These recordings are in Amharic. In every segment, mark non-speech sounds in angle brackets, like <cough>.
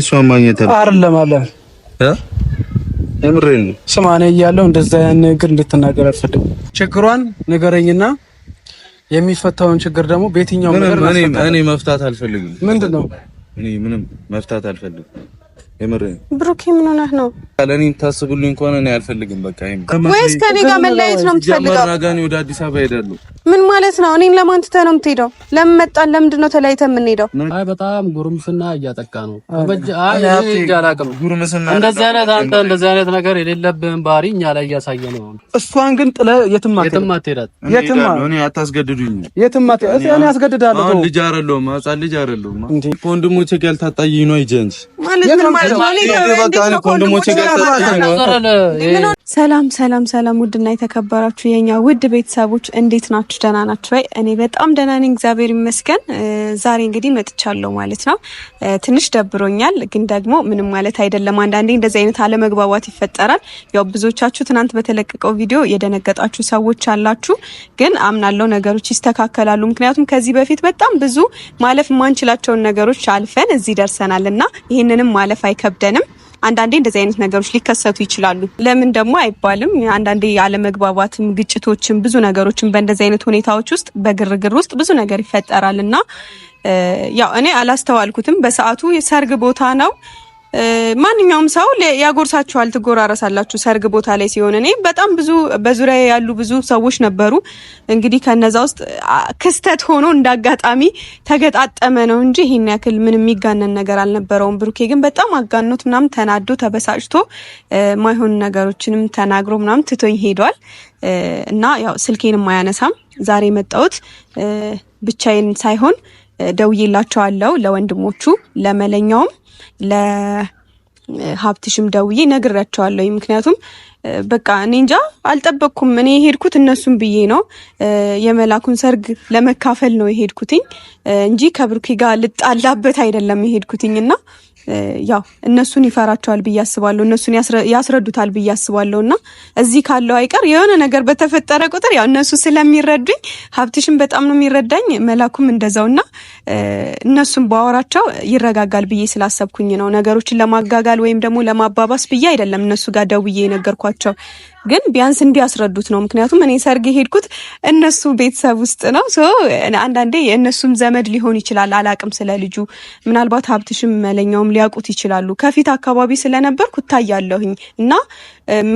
እሷን ማግኘት አይደለም አለ እ እምሬን ስማ፣ እኔ እያለሁ እንደዛ ያን ነገር እንድትናገር አልፈልግም። ችግሯን ንገረኝና የሚፈታውን ችግር ደግሞ በየትኛው ነገር እኔ መፍታት አልፈልግም። ምንድን ነው እኔ ምንም መፍታት አልፈልግም። የምር ብሩኬ ምን ሆነህ ነው? ለኔ ታስብልኝ ከሆነ እኔ አልፈልግም። በቃ ይሄ ወይስ ከኔ ጋር መለያየት ነው የምትፈልገው? ወደ አዲስ አበባ ሄዳለሁ። ምን ማለት ነው? እኔን ለማን ትተህ ነው የምትሄደው? ለምን መጣን? ለምንድን ነው ተለያይተህ የምንሄደው? አይ በጣም ጉርምስና እያጠቃ ነው። አይ አላውቅም። ጉርምስና እንደዚህ አይነት አንተ እንደዚህ አይነት ነገር የሌለብህን ባህሪ እኛ ላይ እያሳየ ነው። እሷን ግን ጥለህ የትም አትሄዳት። የትም እኔ አታስገድዱኝ። የትም አትሄዳት። እኔ አስገድዳለሁ። ልጅ አይደለሁም። ህፃን ልጅ አይደለሁም። ወንድሞቼ ጋር ልታጣይኝ ነው ይጀንስ ማለት ነው ሰላም ሰላም ሰላም፣ ውድና የተከበራችሁ የኛ ውድ ቤተሰቦች እንዴት ናችሁ? ደህና ናችሁ ወይ? እኔ በጣም ደህና ነኝ፣ እግዚአብሔር ይመስገን። ዛሬ እንግዲህ መጥቻለሁ ማለት ነው። ትንሽ ደብሮኛል፣ ግን ደግሞ ምንም ማለት አይደለም። አንዳንዴ እንደዚህ አይነት አለመግባባት ይፈጠራል። ያው ብዙዎቻችሁ ትናንት በተለቀቀው ቪዲዮ የደነገጣችሁ ሰዎች አላችሁ፣ ግን አምናለው ነገሮች ይስተካከላሉ። ምክንያቱም ከዚህ በፊት በጣም ብዙ ማለፍ የማንችላቸውን ነገሮች አልፈን እዚህ ደርሰናል እና ይህንንም ማለፍ አይ አይከብደንም። አንዳንዴ እንደዚህ አይነት ነገሮች ሊከሰቱ ይችላሉ። ለምን ደግሞ አይባልም። አንዳንዴ አለመግባባትም፣ ግጭቶችም፣ ብዙ ነገሮችም በእንደዚህ አይነት ሁኔታዎች ውስጥ በግርግር ውስጥ ብዙ ነገር ይፈጠራል እና ያው እኔ አላስተዋልኩትም በሰዓቱ የሰርግ ቦታ ነው ማንኛውም ሰው ያጎርሳችኋል፣ ትጎራረሳላችሁ ሰርግ ቦታ ላይ ሲሆን። እኔ በጣም ብዙ በዙሪያ ያሉ ብዙ ሰዎች ነበሩ። እንግዲህ ከነዛ ውስጥ ክስተት ሆኖ እንደ አጋጣሚ ተገጣጠመ ነው እንጂ ይህን ያክል ምን የሚጋነን ነገር አልነበረውም። ብሩኬ ግን በጣም አጋኖት ምናምን ተናዶ ተበሳጭቶ ማይሆን ነገሮችንም ተናግሮ ምናምን ትቶኝ ሄዷል እና ያው ስልኬንም አያነሳም። ዛሬ መጣሁት ብቻዬን ሳይሆን ደውዬላቸዋለሁ ለወንድሞቹ ለመለኛውም ለሀብትሽም ደውዬ ነግሬያቸዋለሁ። ምክንያቱም በቃ እኔ እንጃ አልጠበቅኩም። እኔ የሄድኩት እነሱን ብዬ ነው የመላኩን ሰርግ ለመካፈል ነው የሄድኩትኝ እንጂ ከብሩኬ ጋር ልጣላበት አይደለም የሄድኩትኝ እና ያው እነሱን ይፈራቸዋል ብዬ አስባለሁ። እነሱን ያስረዱታል ብዬ አስባለሁ። እና እዚህ ካለው አይቀር የሆነ ነገር በተፈጠረ ቁጥር ያው እነሱ ስለሚረዱኝ ሀብትሽም በጣም ነው የሚረዳኝ፣ መላኩም እንደዛው እና እነሱን በአወራቸው ይረጋጋል ብዬ ስላሰብኩኝ ነው ነገሮችን ለማጋጋል ወይም ደግሞ ለማባባስ ብዬ አይደለም እነሱ ጋር ደውዬ የነገርኳቸው ግን ቢያንስ እንዲያስረዱት ነው። ምክንያቱም እኔ ሰርግ ሄድኩት እነሱ ቤተሰብ ውስጥ ነው። አንዳንዴ የእነሱም ዘመድ ሊሆን ይችላል፣ አላቅም ስለ ልጁ። ምናልባት ሀብትሽም መለኛውም ሊያውቁት ይችላሉ። ከፊት አካባቢ ስለነበርኩ እታያለሁኝ እና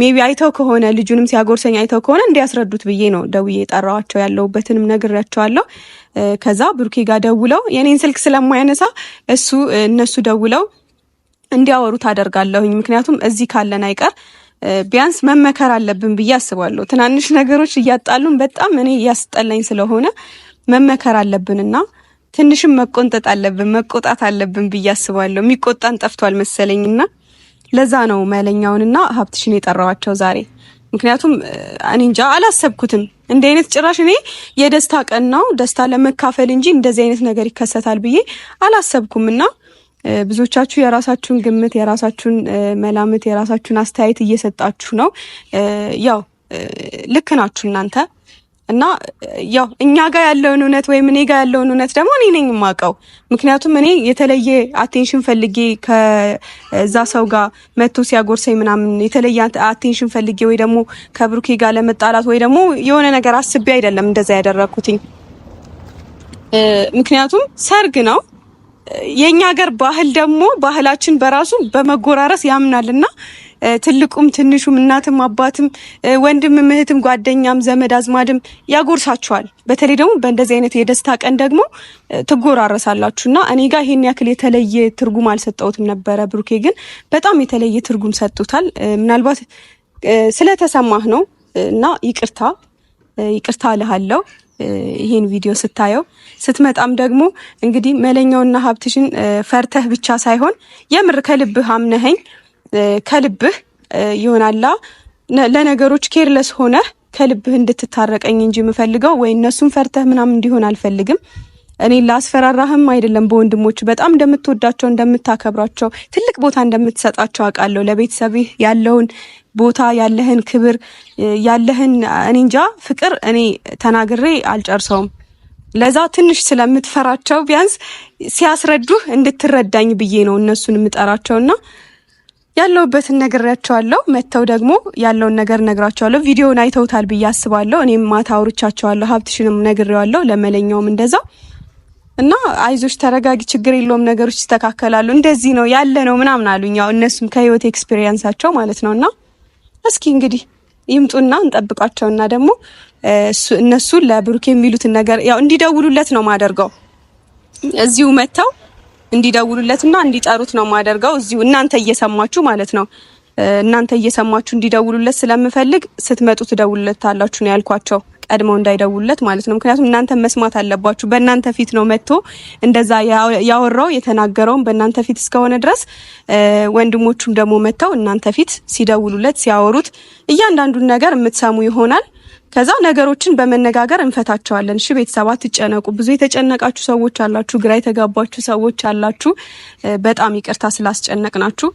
ሜቢ አይተው ከሆነ ልጁንም ሲያጎርሰኝ አይተው ከሆነ እንዲያስረዱት ብዬ ነው ደውዬ የጠራዋቸው። ያለውበትንም ነግሬያቸዋለሁ። ከዛ ብሩኬ ጋር ደውለው የኔን ስልክ ስለማያነሳ እሱ እነሱ ደውለው እንዲያወሩ ታደርጋለሁኝ። ምክንያቱም እዚህ ካለን አይቀር ቢያንስ መመከር አለብን ብዬ አስባለሁ። ትናንሽ ነገሮች እያጣሉን በጣም እኔ እያስጠላኝ ስለሆነ መመከር አለብንና ትንሽም መቆንጠጥ አለብን መቆጣት አለብን ብዬ አስባለሁ። የሚቆጣን ጠፍቷል መሰለኝና ለዛ ነው መለኛውንና ሀብትሽን የጠራዋቸው ዛሬ። ምክንያቱም እኔ እንጃ አላሰብኩትም። እንዲህ አይነት ጭራሽ እኔ የደስታ ቀን ነው ደስታ ለመካፈል እንጂ እንደዚህ አይነት ነገር ይከሰታል ብዬ አላሰብኩም እና ብዙዎቻችሁ የራሳችሁን ግምት፣ የራሳችሁን መላምት፣ የራሳችሁን አስተያየት እየሰጣችሁ ነው። ያው ልክ ናችሁ እናንተ እና ያው እኛ ጋር ያለውን እውነት ወይም እኔ ጋር ያለውን እውነት ደግሞ እኔ ነኝ የማውቀው። ምክንያቱም እኔ የተለየ አቴንሽን ፈልጌ ከዛ ሰው ጋር መጥቶ ሲያጎርሰኝ ምናምን የተለየ አቴንሽን ፈልጌ ወይ ደግሞ ከብሩኬ ጋር ለመጣላት ወይ ደግሞ የሆነ ነገር አስቤ አይደለም እንደዛ ያደረኩትኝ። ምክንያቱም ሰርግ ነው የኛ ሀገር ባህል ደግሞ ባህላችን በራሱ በመጎራረስ ያምናል እና ትልቁም ትንሹም እናትም አባትም ወንድምም እህትም ጓደኛም ዘመድ አዝማድም ያጎርሳችኋል። በተለይ ደግሞ በእንደዚህ አይነት የደስታ ቀን ደግሞ ትጎራረሳላችሁ እና እኔ ጋር ይሄን ያክል የተለየ ትርጉም አልሰጠውትም ነበረ። ብሩኬ ግን በጣም የተለየ ትርጉም ሰጡታል። ምናልባት ስለተሰማህ ነው እና ይቅርታ ይቅርታ እልሃለሁ። ይህን ቪዲዮ ስታየው ስትመጣም ደግሞ እንግዲህ መለኛውና ሀብትሽን ፈርተህ ብቻ ሳይሆን የምር ከልብህ አምነኸኝ ከልብህ ይሆናላ ለነገሮች ኬርለስ ሆነህ ከልብህ እንድትታረቀኝ እንጂ የምፈልገው ወይ እነሱን ፈርተህ ምናምን እንዲሆን አልፈልግም። እኔ ላስፈራራህም አይደለም። በወንድሞቹ በጣም እንደምትወዳቸው እንደምታከብራቸው፣ ትልቅ ቦታ እንደምትሰጣቸው አውቃለሁ። ለቤተሰብህ ያለውን ቦታ ያለህን ክብር ያለህን እኔ እንጃ ፍቅር እኔ ተናግሬ አልጨርሰውም። ለዛ ትንሽ ስለምትፈራቸው ቢያንስ ሲያስረዱህ እንድትረዳኝ ብዬ ነው እነሱን የምጠራቸውና ያለውበትን ነግሬያቸዋለሁ። መጥተው ደግሞ ያለውን ነገር ነግራቸዋለሁ። ቪዲዮውን አይተውታል ብዬ አስባለሁ። እኔም ማታ አውርቻቸዋለሁ። ሀብትሽንም ነግሬዋለሁ። ለመለኛውም እንደዛ እና አይዞች፣ ተረጋጊ፣ ችግር የለውም፣ ነገሮች ይስተካከላሉ፣ እንደዚህ ነው ያለ ነው ምናምን አሉኝ። ያው እነሱም ከህይወት ኤክስፔሪየንሳቸው ማለት ነው እና እስኪ እንግዲህ ይምጡና እንጠብቃቸውና ደግሞ እነሱ ለብሩክ የሚሉትን ነገር ያው እንዲደውሉለት ነው ማደርገው። እዚሁ መጥተው እንዲደውሉለትና እንዲጠሩት ነው ማደርገው። እዚሁ እናንተ እየሰማችሁ ማለት ነው። እናንተ እየሰማችሁ እንዲደውሉለት ስለምፈልግ ስትመጡ ትደውሉለት አላችሁ ነው ያልኳቸው። ቀድመው እንዳይደውሉለት ማለት ነው። ምክንያቱም እናንተ መስማት አለባችሁ። በእናንተ ፊት ነው መጥቶ እንደዛ ያወራው የተናገረውን በእናንተ ፊት እስከሆነ ድረስ ወንድሞቹም ደግሞ መጥተው እናንተ ፊት ሲደውሉለት ሲያወሩት እያንዳንዱን ነገር የምትሰሙ ይሆናል። ከዛ ነገሮችን በመነጋገር እንፈታቸዋለን። እሺ ቤተሰብ አትጨነቁ። ብዙ የተጨነቃችሁ ሰዎች አላችሁ፣ ግራ የተጋባችሁ ሰዎች አላችሁ። በጣም ይቅርታ ስላስጨነቅናችሁ።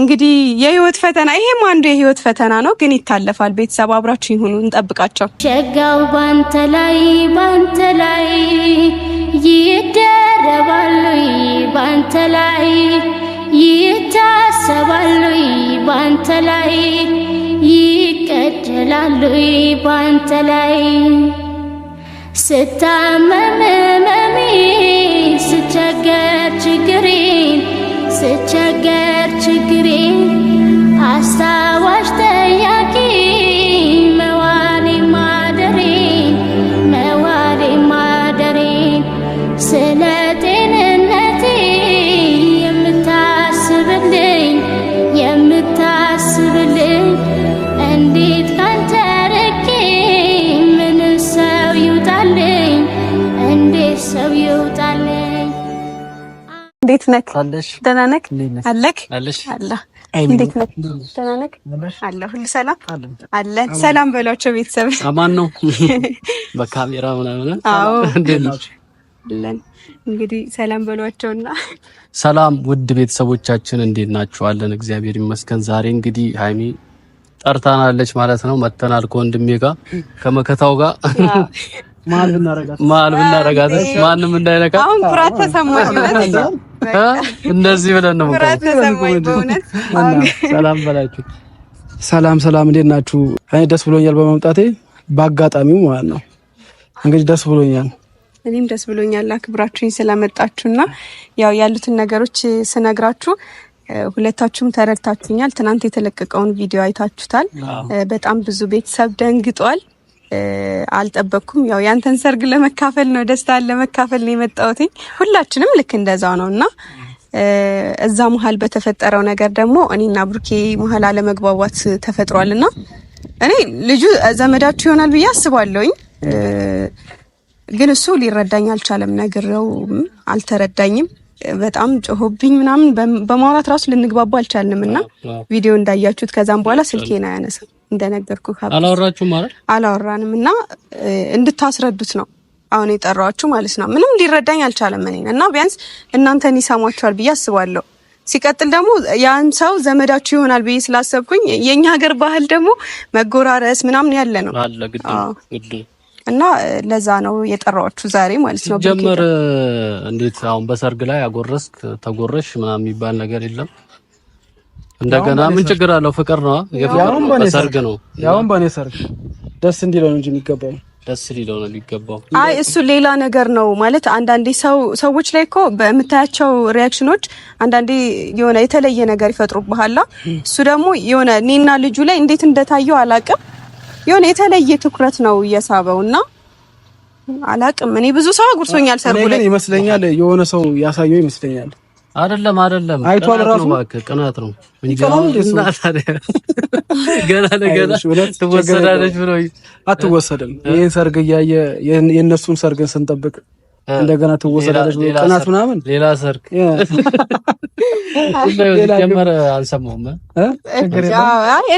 እንግዲህ የህይወት ፈተና ይሄም አንዱ የህይወት ፈተና ነው፣ ግን ይታለፋል። ቤተሰብ አብራችሁ ይሁኑ፣ እንጠብቃቸው። ሸጋው ባንተ ላይ ባንተ ላይ ይደረባሉ፣ ባንተ ላይ ይታሰባሉ፣ ባንተ ላይ ይቀደላሉ፣ ባንተ ላይ ስታመመመሚ ስቸገር ችግሬን ስቸገር ችግሬ አስታዋሽተኛ እንዴት ነክ ደህና ነክ አለክ እንዴት ነክ ደህና ነክ አለ ሁሉ ሰላም አለ ሰላም በሏቸው ቤተሰብ አማን ነው <laughs> በካሜራ ምናምን አዎ እንግዲህ ሰላም በሏቸውና ሰላም ውድ ቤተሰቦቻችን እንዴት አለን እግዚአብሔር ይመስገን ዛሬ እንግዲህ ሀይሚ ጠርታናለች ማለት ነው መተናል ከወንድሜ ጋር ከመከታው ጋር መሀል <laughs> ብናረጋት ማንም እንዳይነካ አሁን ፍርሃት ተሰማኝ እንደዚህ ብለን ነው። ሰላም በላችሁ። ሰላም ሰላም፣ እንዴት ናችሁ? እኔ ደስ ብሎኛል በመምጣቴ በአጋጣሚው ማለት ነው። እንግዲህ ደስ ብሎኛል። እኔም ደስ ብሎኛል አክብራችሁኝ ስለመጣችሁና ያው ያሉትን ነገሮች ስነግራችሁ ሁለታችሁም ተረድታችሁኛል። ትናንት የተለቀቀውን ቪዲዮ አይታችሁታል። በጣም ብዙ ቤተሰብ ደንግጧል። አልጠበቅኩም። ያው ያንተን ሰርግ ለመካፈል ነው፣ ደስታን ለመካፈል ነው የመጣሁት። ሁላችንም ልክ እንደዛው ነው እና እዛ መሀል በተፈጠረው ነገር ደግሞ እኔና ብሩኬ መሀል አለመግባባት ተፈጥሯል እና እኔ ልጁ ዘመዳችሁ ይሆናል ብዬ አስባለሁኝ ግን እሱ ሊረዳኝ አልቻለም። ነግሬው አልተረዳኝም። በጣም ጮሆብኝ ምናምን በማውራት ራሱ ልንግባባ አልቻልንም እና ቪዲዮ እንዳያችሁት ከዛም በኋላ ስልኬን አያነሳም። እንደነገርኩ አላወራችሁም አይደል? አላወራንም እና እንድታስረዱት ነው አሁን የጠራዋችሁ ማለት ነው። ምንም ሊረዳኝ አልቻለም እኔን እና ቢያንስ እናንተን ይሰማችኋል ብዬ አስባለሁ። ሲቀጥል ደግሞ ያን ሰው ዘመዳችሁ ይሆናል ብዬ ስላሰብኩኝ የእኛ ሀገር ባህል ደግሞ መጎራረስ ምናምን ያለ ነው እና ለዛ ነው የጠራዋችሁ ዛሬ ማለት ነው። ጀመር እንዴት አሁን በሰርግ ላይ አጎረስክ ተጎረሽ ምናምን የሚባል ነገር የለም እንደገና ምን ችግር አለው? ፍቅር ነው። ሰርግ ነው። ያውን በኔ ሰርግ ደስ እንዲለው ነው እንጂ የሚገባው ደስ ሊለው ነው የሚገባው። አይ እሱ ሌላ ነገር ነው ማለት አንዳንዴ ሰው ሰዎች ላይ እኮ በምታያቸው ሪያክሽኖች አንዳንዴ የሆነ የተለየ ነገር ይፈጥሩብሃላ። እሱ ደግሞ የሆነ እኔና ልጁ ላይ እንዴት እንደታየው አላቅም፣ የሆነ የተለየ ትኩረት ነው እየሳበው እና አላቅም። እኔ ብዙ ሰው አጉርሶኛል። ሰርጉ ላይ ይመስለኛል የሆነ ሰው ያሳየው ይመስለኛል አይደለም አይደለም፣ አይቷል ራሱ ቅናት ነው እንጂ <laughs> ገና ለገና ትወሰዳለች ብሎ አትወሰድም። ይሄን ሰርግ እያየ የእነሱን ሰርግን ስንጠብቅ እንደገና ትወሰዳለች ብሎ ቅናት ምናምን ሌላ ሰርግ <laughs> ጀመረ። አልሰማሁም።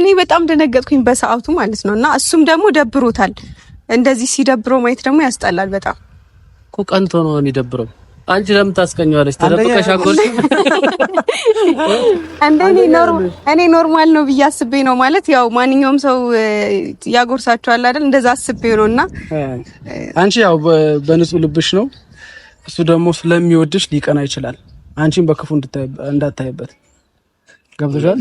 እኔ በጣም ደነገጥኩኝ በሰዓቱ ማለት ነው። እና እሱም ደግሞ ደብሮታል። እንደዚህ ሲደብረው ማየት ደግሞ ያስጠላል በጣም እኮ ቀንቶ ነው የሚደብረው አንቺ ለምን ታስቀኛለሽ? ተደብቀሽ አጎርሽ። እንደኔ እኔ ኖርማል ነው ብዬ አስቤ ነው ማለት ያው ማንኛውም ሰው ያጎርሳቸዋል አይደል? እንደዛ አስቤ ነውና አንቺ ያው በንጹህ ልብሽ ነው። እሱ ደግሞ ስለሚወድሽ ሊቀና ይችላል። አንቺን በክፉ እንዳታይበት ገብቶሻል።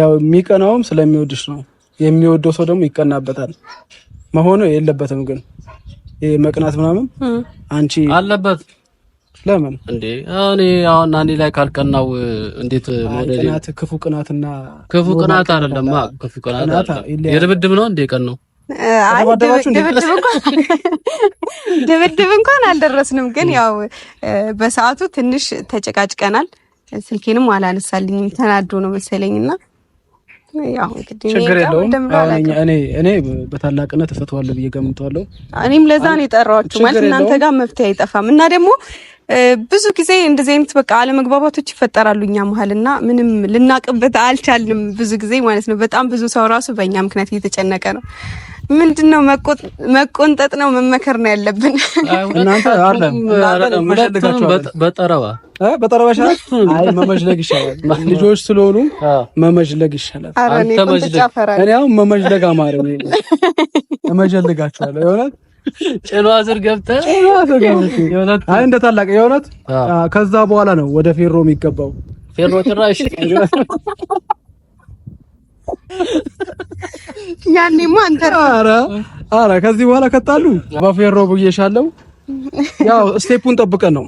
ያው የሚቀናውም ስለሚወድሽ ነው። የሚወደው ሰው ደግሞ ይቀናበታል። መሆኑ የለበትም ግን መቅናት ምናምን አንቺ አለበት ለምን እንዴ እኔ አሁን እኔ ላይ ካልቀናው እንዴት መውደድ? ቅናት ክፉ ቅናትና ክፉ ቅናት አይደለም። ክፉ ቅናት የድብድብ ነው እንዴ? ቀን ነው <laughs> ድብድብ እንኳን አልደረስንም፣ ግን ያው በሰዓቱ ትንሽ ተጨቃጭቀናል። ስልኬንም አላነሳልኝም ተናዶ ነው መሰለኝና ችግር የለውም። እኔ በታላቅነት እፈተዋለሁ ብዬ ገምተዋለሁ። እኔም ለዛ ነው የጠራኋችሁ። ማለት እናንተ ጋር መፍትሄ አይጠፋም እና ደግሞ ብዙ ጊዜ እንደዚህ አይነት በቃ አለመግባባቶች ይፈጠራሉ እኛ መሀል እና ምንም ልናቅበት አልቻልንም። ብዙ ጊዜ ማለት ነው በጣም ብዙ ሰው ራሱ በእኛ ምክንያት እየተጨነቀ ነው። ምንድን ነው መቆንጠጥ ነው መመከር ነው ያለብን እናንተ <laughs> በጠረባ በጠረበሻ <laughs> አይ ይሻላል። ልጆች ስለሆኑ ይሻላል። እኔ አሁን አማረ <laughs> የእውነት ጭኗ ስር ገብተህ እንደ ታላቅ የእውነት ከዛ በኋላ ነው ወደ ፌሮ የሚገባው። ፌሮ ጭራሽ <laughs> ያኔማ አንተ ኧረ ኧረ ከዚህ በኋላ ከጣሉ በፌሮ ብዬሻለሁ <laughs> ያው ስቴፑን ጠብቀን ነው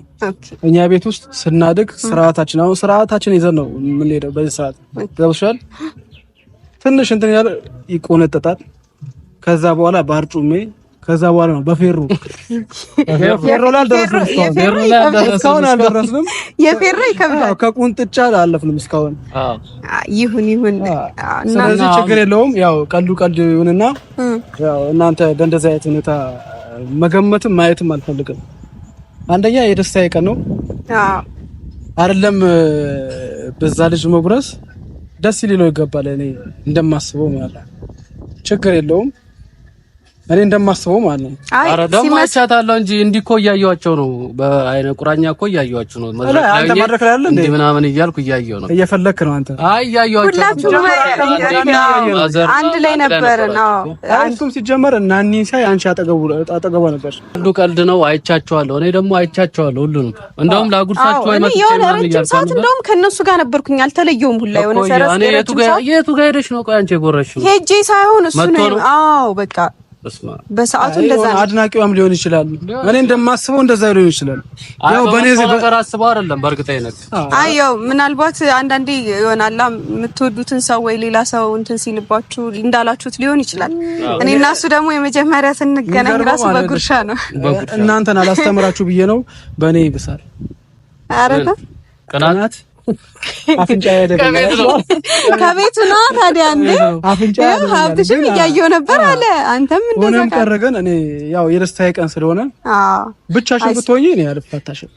እኛ ቤት ውስጥ ስናድግ ስርዓታችን አሁን ስርዓታችን ይዘን ነው የምንሄደው። በዚህ ስርዓት ገብሻል። ትንሽ እንትን ያለ ይቆነጠጣል። ከዛ በኋላ ባርጩሜ ከዛ በኋላ ነው በፌሮ ፌሮ ላይ አልደረስንም። የፌሮ ይከብዳል። ከቁንጥጫ አላለፍንም እስካሁን። ይሁን ይሁን። ስለዚህ ችግር የለውም። ያው ቀልዱ ቀልድ ይሁንና ያው እናንተ በእንደዚህ አይነት ሁኔታ መገመትም ማየትም አልፈልግም። አንደኛ የደስታዬ ቀን ነው አይደለም በዛ ልጅ መጉረስ ደስ ሊለው ይገባል። እኔ እንደማስበው ማለት ችግር የለውም። እኔ እንደማስበው ማለት ነው። አረ ደግሞ አይቻታለሁ እንጂ እንዲህ እኮ እያየኋቸው ነው። በአይነ ቁራኛ እኮ እያየኋቸው ነው። አንተ መድረክ ላይ አለ እንዴ ምናምን እያልኩ እያየሁ ነው። እየፈለክ ነው አንተ። አይ እያየኋቸው ሁላችሁም አንድ ላይ ነበርን። እሱም ሲጀመር ናኒ ሳይ አንቺ አጠገቡ አጠገቧ ነበር። ሁሉ ቀልድ ነው። አይቻቸዋለሁ። እኔ ደግሞ አይቻቸዋለሁ ሁሉንም። እንደውም ላጉርሳቸው አይመጣም። የሆነ ረጅም ሰዓት እንደውም ከነሱ ጋር ነበርኩኝ። አልተለየሁም ሁላ የሆነ ሰረስ የቱ ጋር ሄደሽ ነው? ቆይ አንቺ የጎረሽ ሄጄ ሳይሆን እሱ ነው። አዎ በቃ በሰዓቱ እንደዛ ነው። አድናቂዋም ሊሆን ይችላል። እኔ እንደማስበው እንደዛ ሊሆን ይችላል። ያው በኔ ነገር አስበው አይደለም። በእርግጠኝነት አይ ያው ምናልባት አንዳንዴ ይሆናል የምትወዱትን ሰው ወይ ሌላ ሰው እንትን ሲልባችሁ እንዳላችሁት ሊሆን ይችላል። እኔ እና እሱ ደግሞ የመጀመሪያ ስንገናኝ ራሱ በጉርሻ ነው። እናንተን አላስተምራችሁ ብዬ ነው በእኔ ይብሳል። አረጋ ቅናት <laughs> ከቤቱ ነው ታዲያ እንዴ? ሀብትሽም እያየው ነበር አለ። አንተም ቀረገን እኔ ያው ቀን ስለሆነ ብቻሽን ብትሆኚ እኔ አልፈታሽም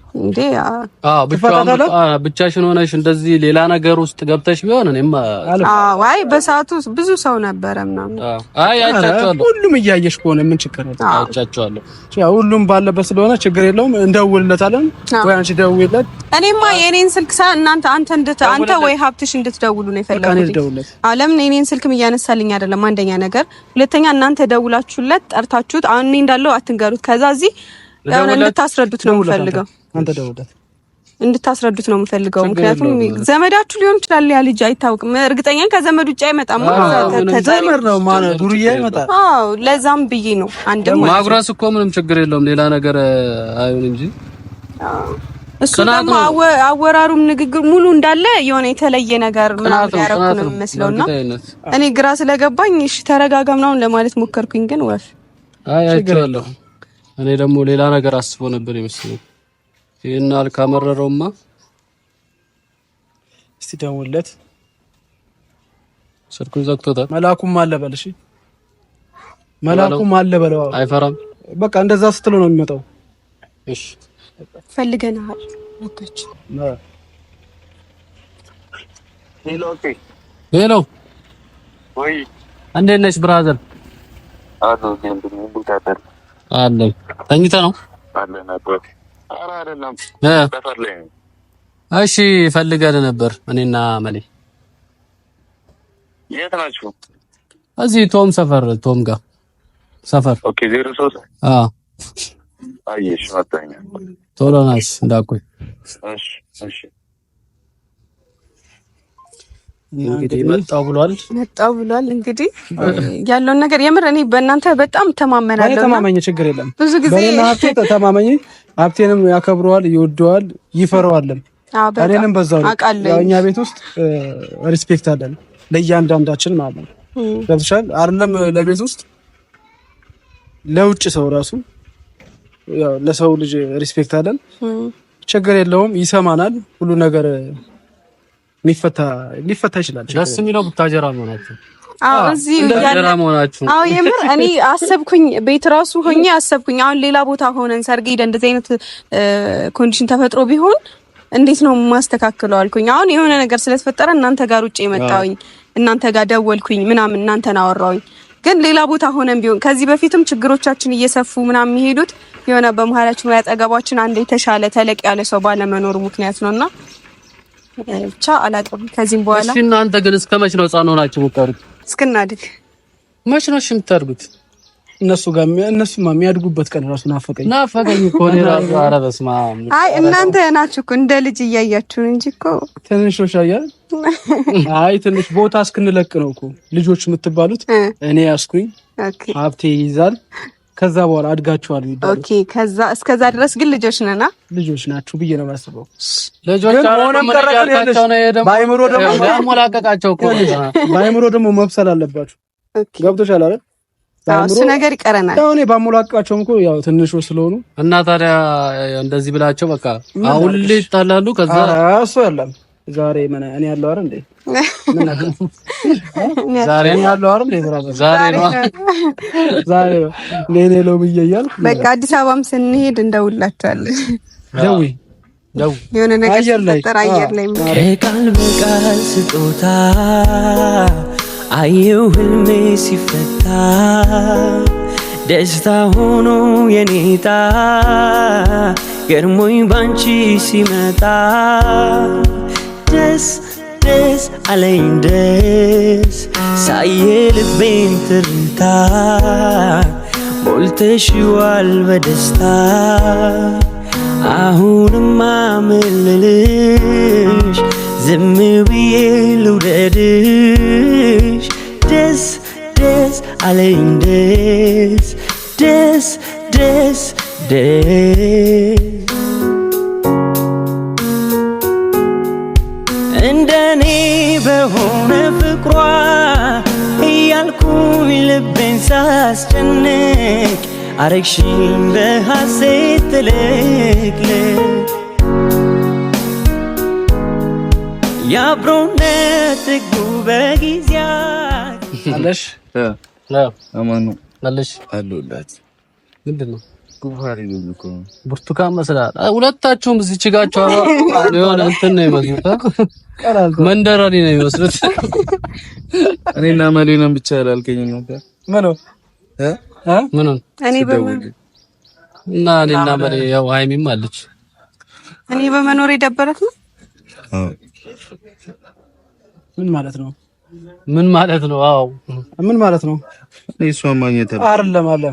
ብቻሽን ሆነሽ እንደዚህ ሌላ ነገር ውስጥ ገብተሽ ቢሆን እኔም አይ፣ በሰዓቱ ብዙ ሰው ነበረ ምናምን። ሁሉም እያየሽ ከሆነ ምን ችግር አይቻቸዋለሁ። ሁሉም ባለበት ስለሆነ ችግር የለውም። እንደውልለታለን ወይ አንቺ ደውይለት። እኔማ የእኔን ስልክ ሳ እናንተ አንተ አንተ እንድት አንተ ወይ ሀብትሽ እንድትደውሉ ነው የፈለጉት። ለምን እኔን ስልክም እያነሳልኝ አይደለም? አንደኛ ነገር፣ ሁለተኛ እናንተ ደውላችሁለት ጠርታችሁት አሁን እኔ እንዳለው አትንገሩት። ከዛ እዚህ ያው እንድታስረዱት ነው የምፈልገው። አንተ ደውልለት እንድታስረዱት ነው የምፈልገው። ምክንያቱም ዘመዳችሁ ሊሆን ይችላል። ያ ልጅ አይታወቅም። እርግጠኛ ከዘመድ ውጭ አይመጣም። ዘመድ ነው ማለት ዱርዬ አይመጣም። አዎ ለዛም ብዬ ነው። አንድም ማጉራስ እኮ ምንም ችግር የለውም። ሌላ ነገር አይሆን እንጂ እሱ ደግሞ አወራሩም ንግግር ሙሉ እንዳለ የሆነ የተለየ ነገር ምናምን ያደረኩ ነው የሚመስለው እና እኔ ግራ ስለገባኝ እሺ ተረጋጋ ምናምን ለማለት ሞከርኩኝ፣ ግን ወፍ አይ አይቻለሁ። እኔ ደግሞ ሌላ ነገር አስቦ ነበር ይመስለኝ። ይሄን አልካመረረውማ። እስቲ ደውልለት፣ ስልኩን ዘግቶታል። መላኩም አለበል እሺ፣ መላኩም አለ በለው። አይፈራም። በቃ እንደዛ ስትለው ነው የሚመጣው። እሺ ፈልገናል። ሄሎ ወይ እንዴት ነሽ ብራዘር? አለ ተኝተህ ነው? እሺ ፈልገን ነበር እኔና መሌ። የት ናችሁ? እዚህ ቶም ሰፈር ቶም ጋር ሰፈር ኦኬ ዜሮ ሦስት አዎ አየሽ መጣኛ ቶሎ ናሽ እንዳቆይ እሺ እሺ እንግዲህ መጣው ብሏል መጣው ብሏል። እንግዲህ ያለውን ነገር የምር እኔ በእናንተ በጣም ተማመናለሁ። ተማመኝ፣ ችግር የለም ብዙ ጊዜ ሀብቴ ተማመኝ። ሀብቴንም ያከብረዋል፣ ይወደዋል፣ ይፈራዋልም። እኔንም በዛው እኛ ቤት ውስጥ ሪስፔክት አለን ለእያንዳንዳችን ማለት ነው። ገብቶሻል አይደለም? ለቤት ውስጥ ለውጭ ሰው ራሱ ለሰው ልጅ ሪስፔክት አለን። ችግር የለውም ይሰማናል። ሁሉ ነገር ሊፈታ ይችላል። ደስ የሚለው ቡታጀራ መሆናችሁ አዎ የምር እኔ አሰብኩኝ፣ ቤት ራሱ ሆኜ አሰብኩኝ። አሁን ሌላ ቦታ ሆነን ሰርግ ሄደን እንደዚህ አይነት ኮንዲሽን ተፈጥሮ ቢሆን እንዴት ነው ማስተካክለው አልኩኝ። አሁን የሆነ ነገር ስለተፈጠረ እናንተ ጋር ውጭ የመጣውኝ እናንተ ጋር ደወልኩኝ ምናምን እናንተን አወራውኝ። ግን ሌላ ቦታ ሆነን ቢሆን ከዚህ በፊትም ችግሮቻችን እየሰፉ ምናምን የሚሄዱት የሆነ በመሀላችን ወይ አጠገባችን አንድ የተሻለ ተለቅ ያለ ሰው ባለመኖሩ ምክንያት ነውና ብቻ አላውቅም። ከዚህም በኋላ እሺ፣ እናንተ ግን እስከ መች ነው ህፃን ሆናችሁ የምትቀሩት? እስክናድግ መች ነው እሺ የምታድጉት? እነሱ ጋር እነሱማ የሚያድጉበት ቀን ራሱ ናፈቀኝ ናፈቀኝ እኮ እኔ ራሱ። ኧረ <laughs> በስመ አብ! አይ እናንተ ናችሁ እኮ እንደ ልጅ እያያችሁ እንጂ እኮ ትንሽ ነው አያል። <laughs> አይ ትንሽ ቦታ እስክንለቅ ነው እኮ ልጆች የምትባሉት። እኔ ያስኩኝ ሀብቴ ይይዛል ከዛ በኋላ አድጋችኋል። ኦኬ። ከዛ እስከዛ ድረስ ግን ልጆች ነና ልጆች ናችሁ ብዬ ነው የማስበው። ልጆች ሆነም ቀረቀር ያለሽ ባይምሮ ደግሞ ሞላቀቃቸው እኮ ባይምሮ ደግሞ መብሰል አለባችሁ። ገብቶሻል አይደል? እሱ ነገር ይቀረናል። ያው እኔ ባሞላቃቸውም እኮ ያው ትንሹ ስለሆኑ እና ታዲያ እንደዚህ ብላቸው በቃ አሁን ልጅ ታላሉ። ከዛ እሱ ያለም ዛሬ ምን እኔ ያለው አይደል እንዴ? ዛሬ ነው ያለው አይደል እንዴ? ዛሬ ነው ዛሬ ነው ለኔ ነው ብየያል። በቃ አዲስ አበባም ስንሄድ እንደውላቸዋለን። ደዊ ደው የሆነ ነገር ሲፈጠር አየር ላይ ከቃል በቃል ስጦታ አየው ህልሜ ሲፈታ ደስታ ሆኖ የኔታ ገርሞኝ ባንቺ ሲመጣ ደስ ደስ አለኝ ደስ ሳየ ልቤን ትርታ ሞልተሽዋል በደስታ አሁንማ ምልልሽ ዝም ብዬ ልውደድሽ ደስ ደስ አለኝ ደስ ደስ ደስ ደስ ሳስጨንቅ አረግሽኝ በሐሴት ትልቅልቅ የአብሮነት ጥጉ በጊዜያት አለሽ አማኑ አለሽ አሉላት ምንድን ነው ብርቱካን መስላል። ሁለታችሁም እዚህ ችጋችሁ የሆነ እንትን ነው የሚመስሉት፣ መንደራሪ ነው የሚመስሉት። እኔና መሌናም ብቻ ያላልከኝ ነበር። ምን ምን እና እኔና መሌ ያው ሀይሚም አለች። እኔ በመኖር የደበረት ነው። ምን ማለት ነው? ምን ማለት ነው? አዎ ምን ማለት ነው? እሷን ማግኘት አይደለም አለ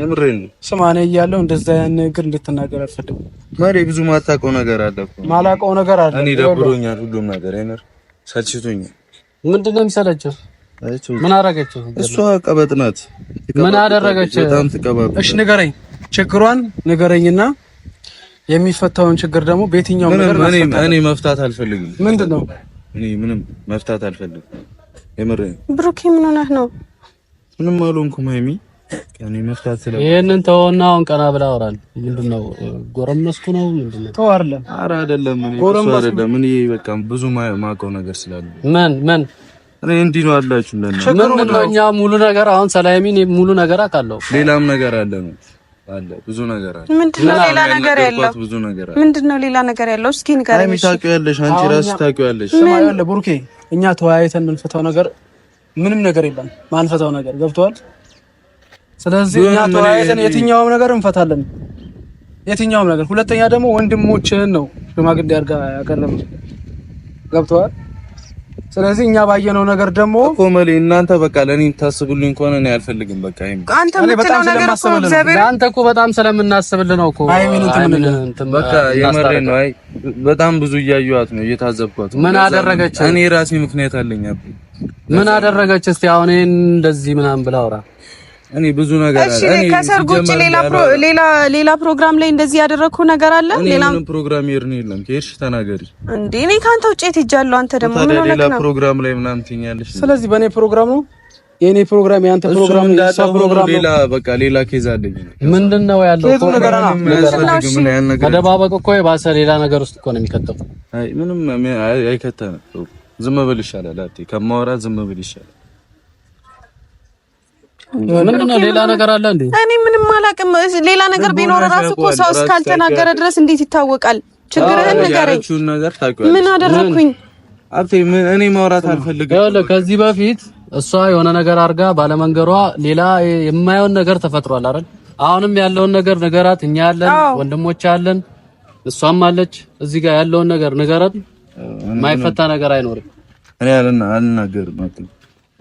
የምሬን ነው። ስማ እኔ እያለሁ እንደዛ ያን ነገር እንድትናገር አልፈልግም። ማሬ ብዙ ማታውቀው ነገር አለ እኮ ማላውቀው ነገር አለ። እኔ ደብሮኛል፣ ሁሉም ነገር የምር ሰልችቶኛል። ምንድን ነው የሚሰለቸው? ምን አደረገች? እሷ ቀበጥ ናት። ምን አደረገች? በጣም ትቀባብ። እሺ ንገረኝ፣ ችግሯን ንገረኝና የሚፈታውን ችግር ደግሞ በየትኛው ነገር እኔ መፍታት አልፈልግም። ምንድን ነው እኔ ምንም መፍታት አልፈልግም። የምሬን ብሩኬ፣ ምን ሆነህ ነው? ምንም አልሆንኩም ሀይሚ ይህንን ተወና አሁን ቀና ብላ አውራል። ምንድን ነው ጎረመስኩ ነው? ምንድን ነው? ተው አይደለም፣ ኧረ አይደለም፣ አይደለም። እኔ በቃ ብዙ ማውቀው ነገር ስላለ ምን ምን እኔ እንዲህ ነው አላችሁ እኛ ሙሉ ነገር አሁን ሰላይሚን ሙሉ ነገር አውቃለሁ። ሌላም ነገር አለ ነው አለ ብዙ ነገር አለ። ምንድን ነው ሌላ ነገር ያለው? ብዙ ነገር ምንድን ነው ሌላ ነገር ያለው? እስኪ ንገረኝ። ሀይሚ ታውቂዋለሽ፣ አንቺ እራስሽ ታውቂዋለሽ። ቡርኬ፣ እኛ ተወያይተን የምንፈታው ነገር ምንም ነገር የለም። ማንፈታው ነገር ገብቶሃል ስለዚህ እኛ ተወያይተን የትኛውም ነገር እንፈታለን። የትኛውም ነገር ሁለተኛ ደግሞ ወንድሞችህን ነው ሽማግሌ አድርጋ ያቀረበ ገብተዋል። ስለዚህ እኛ ባየነው ነገር ደግሞ እኮ መሌ እናንተ በቃ ለኔ ታስቡልኝ ከሆነ እኔ አልፈልግም። በቃ ይሄን አንተ በጣም ስለማስብልህ አንተ እኮ በጣም ስለምናስብልህ ነው እኮ አይ ምን እንትን በቃ የመረን ነው። አይ በጣም ብዙ እያየኋት ነው እየታዘብኳት። ምን አደረገች? እኔ ራሴ ምክንያት አለኝ። ምን አደረገች? እስቲ አሁን እንደዚህ ምናምን ብላውራ እኔ ብዙ ነገር አለ። እኔ ከሰርጉ ውጪ ሌላ ሌላ ሌላ ፕሮግራም ላይ እንደዚህ ያደረኩ ነገር አለ። ሌላ ምንም ፕሮግራም ይርኒ የለም። ከሄድሽ ተናገሪ እንዴ። እኔ ካንተ ውጪ የት ሄጃለሁ? አንተ ደግሞ ምን ሆነህ ነው? ሌላ ፕሮግራም ላይ ምናምን ትኛለሽ። ስለዚህ በእኔ ፕሮግራም ነው የኔ ፕሮግራም ያንተ ፕሮግራም የሷ ፕሮግራም ሌላ በቃ ሌላ ኬዝ አለኝ። ምንድነው ያለው? ነገር መደባበቅ እኮ የባሰ ሌላ ነገር ውስጥ እኮ ነው የሚከተው። አይ ምንም አይከተንም። ዝም ብል ይሻላል። አትይ ከማውራት ዝም ብል ይሻላል። ምንድነው? ሌላ ነገር አለ እንዴ? እኔ ምንም አላውቅም። ሌላ ነገር ቢኖር ራሱ እኮ ሰው እስካልተናገረ ድረስ እንዴት ይታወቃል? ችግርህን ንገረኝ። ምን አደረኩኝ? እኔ ማውራት አልፈልግም። ከዚህ በፊት እሷ የሆነ ነገር አድርጋ ባለመንገሯ ሌላ የማይሆን ነገር ተፈጥሯል አይደል? አሁንም ያለውን ነገር ንገራት። እኛ ያለን ወንድሞች አለን፣ እሷም አለች። እዚህ ጋር ያለውን ነገር ንገራት። የማይፈታ ነገር አይኖርም። እኔ አልናገርም።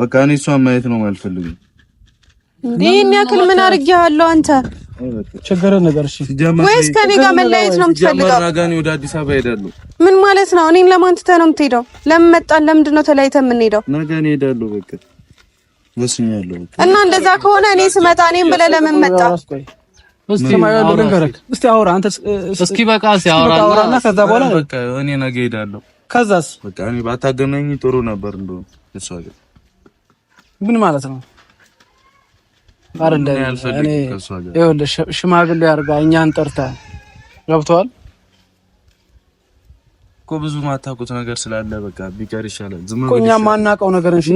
በቃ እኔ እሷን ማየት ነው የማልፈልገው ይህን ያክል ምን አድርጌሃለሁ? አንተ ችግር ነገር እሺ፣ ወይስ ከኔ ጋር መለያየት ነው የምትፈልገው? ወደ አዲስ አበባ እሄዳለሁ። ምን ማለት ነው? እኔን ለማን ትተህ ነው የምትሄደው? ለምን መጣን? ለምንድን ነው ተለያይተህ የምንሄደው? ነገ እኔ እሄዳለሁ። በቃ ወስኛለሁ። እና እንደዛ ከሆነ እኔ ስመጣ እኔም ብለህ ለምን መጣ? እስቲ አውራ አንተ እስኪ በቃ ሲያወራና ከዛ በኋላ በቃ እኔ ነገ እሄዳለሁ። ከዛስ በቃ እኔ ባታገናኝ ጥሩ ነበር። እንደውም ምን ማለት ነው? ሽማግሌ አድርጋ እኛን ጠርታ ገብተዋል እኮ ብዙ ማታውቁት ነገር ስላለ በቃ ቢቀር ይሻላል። ዝም ብሎ እኛ ማናውቀው ነገር እንሽ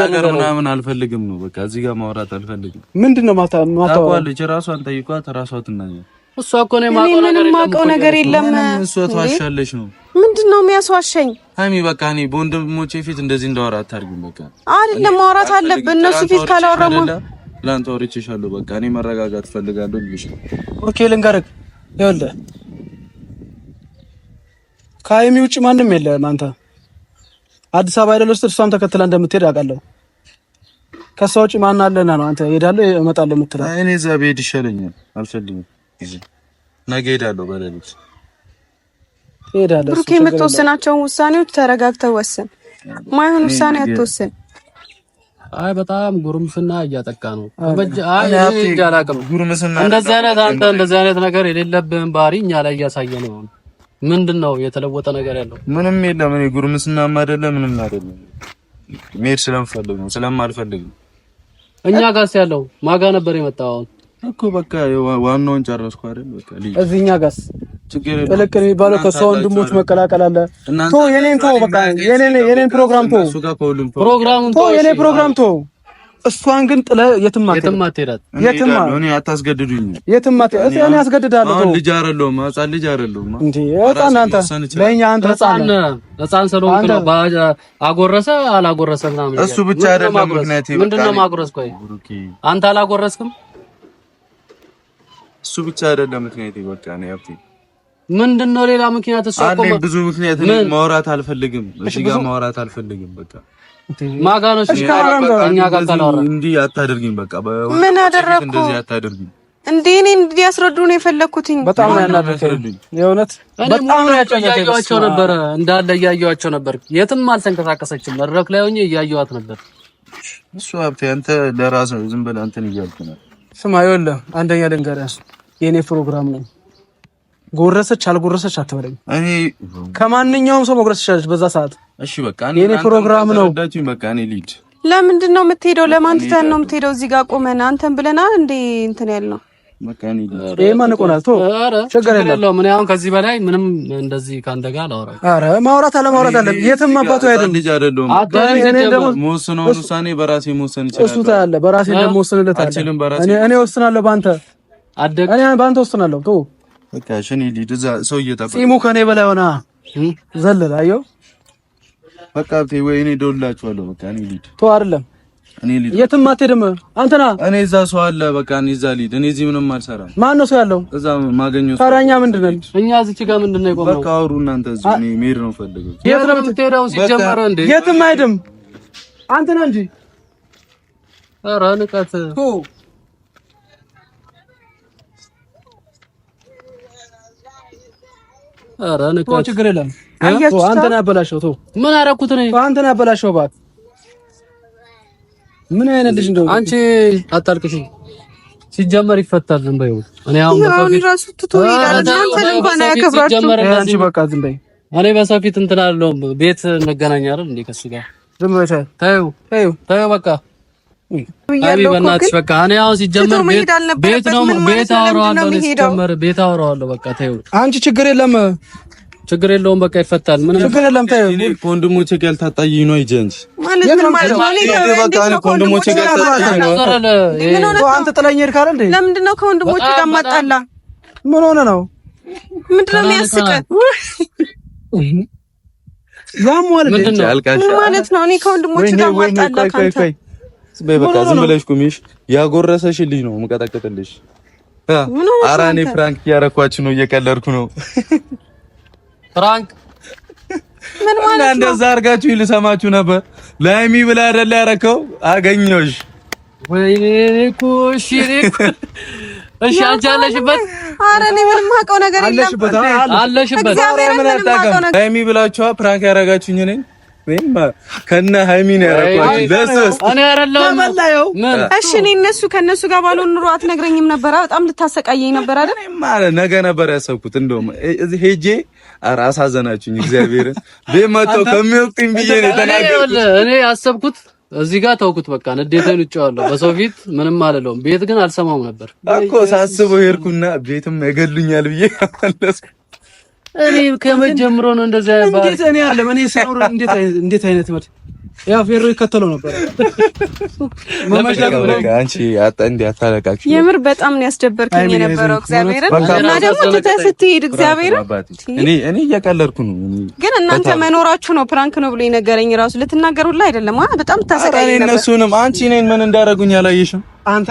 ነገር ምናምን አልፈልግም ነው በቃ እዚህ ጋር ማውራት አልፈልግም። ምንድነው ማታ ማታ ታውቃለች፣ ራሷን ጠይቋት፣ ራሷ ትናገር። እሷ እኮ ነው የማውቀው ነገር የለም። እሷ ተዋሻለች ነው ምንድን ነው የሚያስዋሸኝ? ሀይሚ በቃ እኔ በወንድሞቼ ፊት እንደዚህ እንዳወራ አታርግም። በቃ አይደለም ማውራት አለብን እነሱ ፊት ካላወራማ ለአንተ ወርቼሻለሁ። በቃ እኔ መረጋጋት ፈልጋለሁ ብለሽ ኦኬ፣ ልንገርህ፣ ይኸውልህ ከሀይሚ ውጭ ማንም የለም። አንተ አዲስ አበባ አይደለ ውስጥ እሷም ተከትላ እንደምትሄድ አውቃለሁ። ከእሷ ውጭ ማን አለና ነው አንተ እሄዳለሁ እመጣለሁ የምትለው? እኔ እዛ ብሄድ ይሻለኛል። አልፈልግም። ነገ እሄዳለሁ በሌሊት እሄዳለሁ። ብሩኬ፣ የምትወስናቸውን ውሳኔዎች ተረጋግተህ ወስን። ማይሆን ውሳኔ አትወስን። አይ በጣም ጉርምስና እያጠቃ ነው። ከበጀ አይ አላውቅም። ጉርምስና እንደዚህ አይነት አንተ እንደዚህ አይነት ነገር የሌለብህን ባህሪ እኛ ላይ እያሳየ ነው። ምንድን ነው የተለወጠ ነገር ያለው? ምንም የለም። እኔ ጉርምስናም አይደለ ምንም አይደለም። መሄድ ስለምፈልግ ነው ስለማልፈልግ ነው። እኛ ጋርስ ያለው ማጋ ነበር የመጣው አሁን እኮ በቃ ዋናውን ጨረስኩ አይደል? በቃ እዚህኛ ጋስ ችግር የሚባለው ወንድሞች መቀላቀል አለ። ቶ የኔን ቶ በቃ የኔን የኔን ፕሮግራም ቶ ቶ የኔ ፕሮግራም ቶ እሷን ግን ጥለ እኔ አታስገድዱኝ። እኔ አስገድዳለሁ። አሁን ልጅ አይደለሁም፣ ህፃን ልጅ አይደለሁም። እንዴ ህፃን አንተ ለኛ አንተ ህፃን ህፃን ስለሆንክ ነው። አጎረሰ አላጎረሰ ምናምን እሱ ብቻ አይደለም ምክንያት ምንድነው ማጉረስ? ቆይ አንተ አላጎረስክም እሱ ብቻ አይደለም ምክንያት ይወጣ ነው ያፍቲ ምንድን ነው ሌላ ምክንያት? እሱ አቆመ እኮ ብዙ ምክንያት ነው። ማውራት አልፈልግም፣ እሺ ጋር ማውራት አልፈልግም። በቃ ማጋኖች እኛ ጋር ታላወራ እንዲህ አታደርግኝ። በቃ ምን አደረኩ? እንደዚህ አታደርግኝ። እንዴ እኔ እንዲያስረዱ ነው የፈለኩትኝ። በጣም ነው ያናደረኩኝ። የእውነት በጣም ነው ያጨኛቸው ነበር። እንዳለ እያየኋቸው ነበር። የትም አልተንቀሳቀሰችም። መድረክ ላይ ሆኜ እያየኋት ነበር። እሱ ሀብቴ አንተ ለራስህ ዝም ብለህ እንትን እያልኩ ነው ስማ ይኸውልህ፣ አንደኛ ልንገርህ፣ የእኔ ፕሮግራም ነው። ጎረሰች አልጎረሰች አትበለኝ። እኔ ከማንኛውም ሰው መጉረስ ትችላለች በዛ ሰዓት። እሺ በቃ የእኔ ፕሮግራም ነው። በቃ እኔ ልሂድ። ለምንድን ነው የምትሄደው? ለማን ትተን ነው የምትሄደው? እዚህ ጋር ቆመን አንተን ብለናል እንዴ እንትን ያልነው ይሄማ ንቆናል። ቶ ችግር የለውም። እኔ አሁን ከዚህ በላይ ምንም እንደዚህ ጋር አላወራም። ኧረ ማውራት አለማውራት አለ የትም አባቱ አይደለም። ውሳኔ በራሴ መወሰን ይችላል። እሱ ታያለህ፣ በራሴ እኔ ወስናለሁ። በአንተ እኔ በአንተ ወስናለሁ። ቶ በቃ እሺ። እኔ እዛ ሰው ከእኔ በላይ ዘለል። አየሁ በቃ ወይ እኔ እደውልላችኋለሁ። በቃ እኔ ቶ አይደለም የትም አትሄድም። አንተና እኔ እዛ ሰው አለ። በቃ እኔ እዛ ልሂድ። እኔ እዚህ ምንም አልሰራም። ማን ነው ሰው ያለው? እዛ ማገኘው ሰው ታራኛ ምንድን ነው? እኛ እዚህ ጋር ምንድን ነው የቆመው? በቃ አውሩ እናንተ። እዚህ እኔ መሄድ ነው ፈልገው። የት ነው የምትሄደው? እንዴ የትም አይሄድም። አንተና እንጂ ኧረ ንቀት ኧረ ንቀት ችግር የለም። አንተና ያበላሸው ተው። ምን አደረኩት እኔ? አንተና ያበላሸው እባክህ ምን አይነት ልጅ እንደሆነ አንቺ አታልቅሽ። ሲጀመር ይፈታል። ዝም በይው። እኔ አሁን ራሱ ትቶ ይላል። አንቺ በቃ ዝም በይ። እኔ በሰው ፊት እንትን አለውም። ቤት እንገናኝ አይደል እንዴ? ከሱ ጋር ዝም በይ። ተይው፣ ተይው፣ ተይው። በቃ አይ በእናትሽ በቃ እኔ አሁን ሲጀመር ቤት ቤት ነው ቤት አወራዋለሁ። ሲጀመር ቤት አወራዋለሁ። በቃ ተይው። አንቺ ችግር የለም ችግር የለውም። በቃ ይፈታል። ምንም ችግር የለም። ተይው። ወንድሞቼ ጋር ልታጣይኝ ነው ይጀንሽ ማለት ምን ነው? ለምንድን ነው ጋር ማጣላ? ምን ሆነ ነው? ምንድን ነው ዛም ማለት ነው እኔ ጋር ማጣላ ካንተ በቃ ዝም ብለሽ ቁሚሽ። ነው የምቀጠቅጥልሽ። እኔ ፍራንክ እያረኳችሁ ነው፣ እየቀለድኩ ነው። ፍራንክ ምን ማለት ነው? እንደዛ አድርጋችሁ ልሰማችሁ ነበር። ላይሚ ብላ አይደለ ያረከው አገኘሽ ወይኔ እኮ እሺ እኔ እኮ እሺ አንቺ አለሽበት ኧረ እኔ ምንም አውቀው ነገር የለም አለሽበት አለሽበት ላይሚ ብላችኋ ፕራንክ ያረጋችሁኝ ነኝ ከነ ሀይሚን ያረኳችሁ ለሰስ እኔ አይደለሁም። እሺ እኔ እነሱ ከነሱ ጋር ባልሆን ኑሮ አትነግረኝም ነበር። በጣም ልታሰቃየኝ ነበር አይደል? ነገ ነበር ያሰብኩት። እንደውም እዚህ ሄጄ አሳዘናችሁኝ። እግዚአብሔርን ቤት መተው ከሚወቅቱኝ ብዬ ነው የተናገርኩት። እኔ ያሰብኩት እዚህ ጋር ተውኩት። በቃ ንዴቴን እጫዋለሁ በሰው ፊት ምንም አልለውም። ቤት ግን አልሰማውም ነበር እኮ ሳስበው ሄድኩና ቤትም ያገሉኛል ብዬ <laughs> መለስኩ። እኔ ከመጀምሮ ነው እንደዛ ያባል እንዴት እኔ አለ እኔ ሳይኖር እንዴት እንዴት አይነት ማለት ያ ፌሮ ይከተለው ነበር። አንቺ አጣ እንዴ አታለቃችሁ። የምር በጣም ነው ያስደበርከኝ የነበረው እግዚአብሔርን እና ደግሞ ትተህ ስትሄድ እግዚአብሔርን። እኔ እኔ እያቀለድኩ ነው፣ ግን እናንተ መኖራችሁ ነው ፕራንክ ነው ብሎ የነገረኝ ራሱ ልትናገሩላ አይደለም። አ በጣም ታሰቃይ ነበር። እነሱንም አንቺ እኔን ምን እንዳደረጉኝ አላየሽም አንተ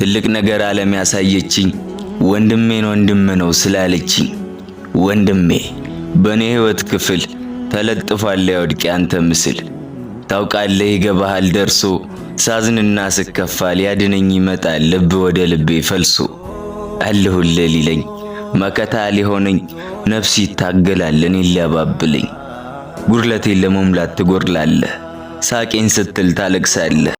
ትልቅ ነገር ዓለም ያሳየችኝ ወንድሜን ወንድም ነው ስላለችኝ ወንድሜ በእኔ ሕይወት ክፍል ተለጥፏል ያውድቅ ያንተ ምስል ታውቃለህ ይገባሃል ደርሶ ሳዝንና ስከፋ ሊያድነኝ ይመጣል ልብ ወደ ልቤ ፈልሶ አለሁልህ ሊለኝ መከታ ሊሆነኝ ነፍስ ይታገላል እኔን ሊያባብለኝ ጉድለቴን ለመሙላት ትጎድላለህ ሳቄን ስትል ታለቅሳለህ